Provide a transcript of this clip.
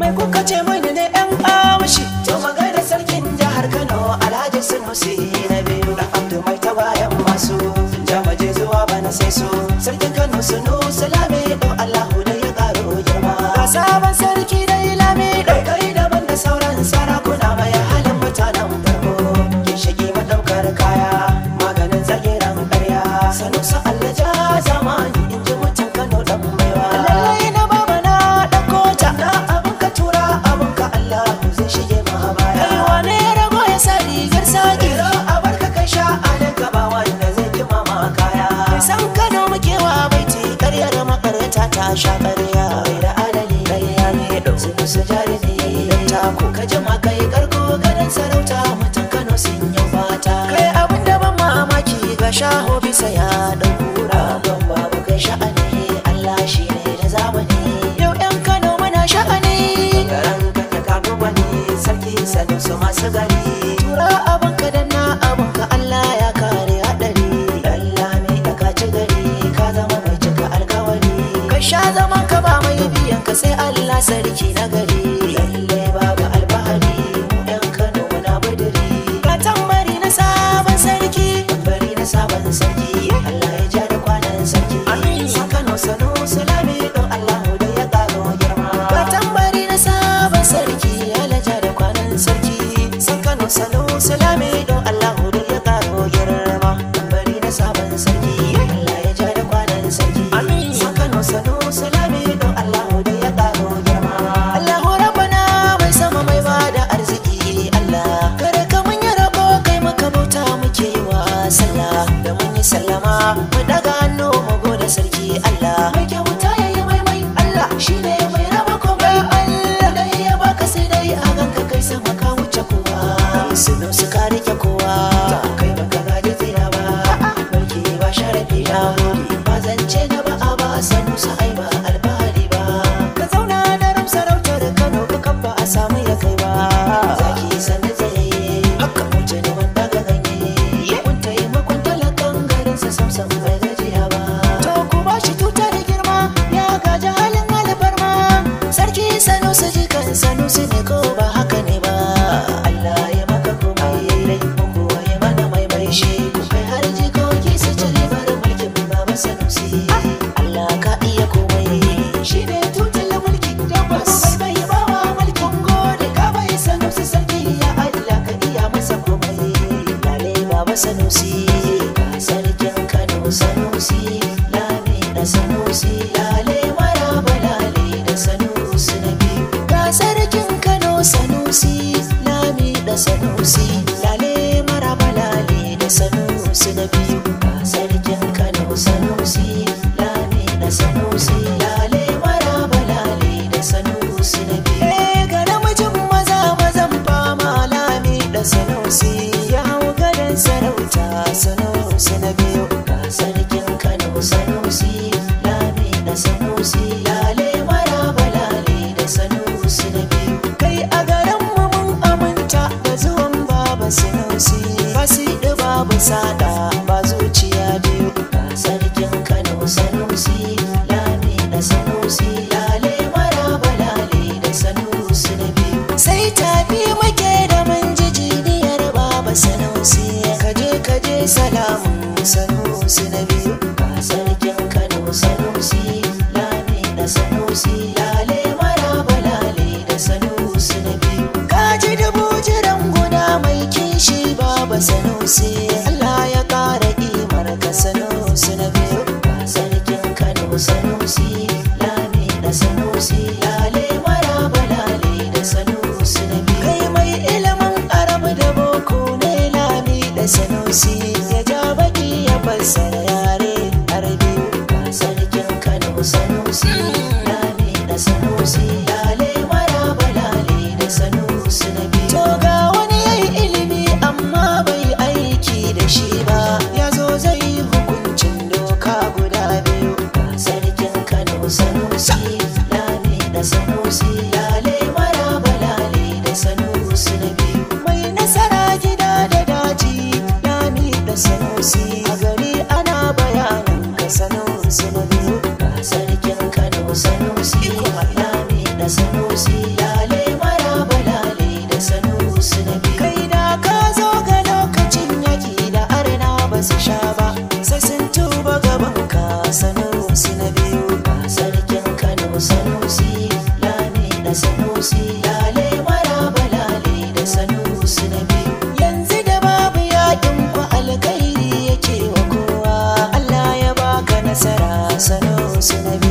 mai kuka ce mai ne yan amashi to da sarkin jihar kano alhaji sanusi na biyu na abdu mai tawayan masu jamaje zuwa bana sai su sarkin kano sanusi kano su jarumi dan ta ku ka jama kai karko garin sarauta mutan kano sun yi fata kai abin da ban mamaki ga shaho bisa ya dan kura don babu kai sha'ani Allah shi ne da zamani yau yan kano muna sha'ani garan ka ka wani sarki sanu su masu gari tura abin Allah ¡Sí! sarkin kano sanusi lami da sanusi lale mara balale da sanusi da biyu kai a garin mu mun aminta da zuwan baba sanusi fasiɗi babu sada ba zuciya biyu sarkin kano sanusi lami da sanusi lale mara balale da sanusi da biyu sai tafi muke da manjijiniyar baba sanusi kaje kaje salamu da sanusi Allah ya ƙara imar ka sanusi na biyu ba sarkin Kano sanusi lami da sanusi lale maraba lale da sanusi na biyu kai mai ilimin arab da boko ne lami da sanusi ya ja baƙi ya fassara so they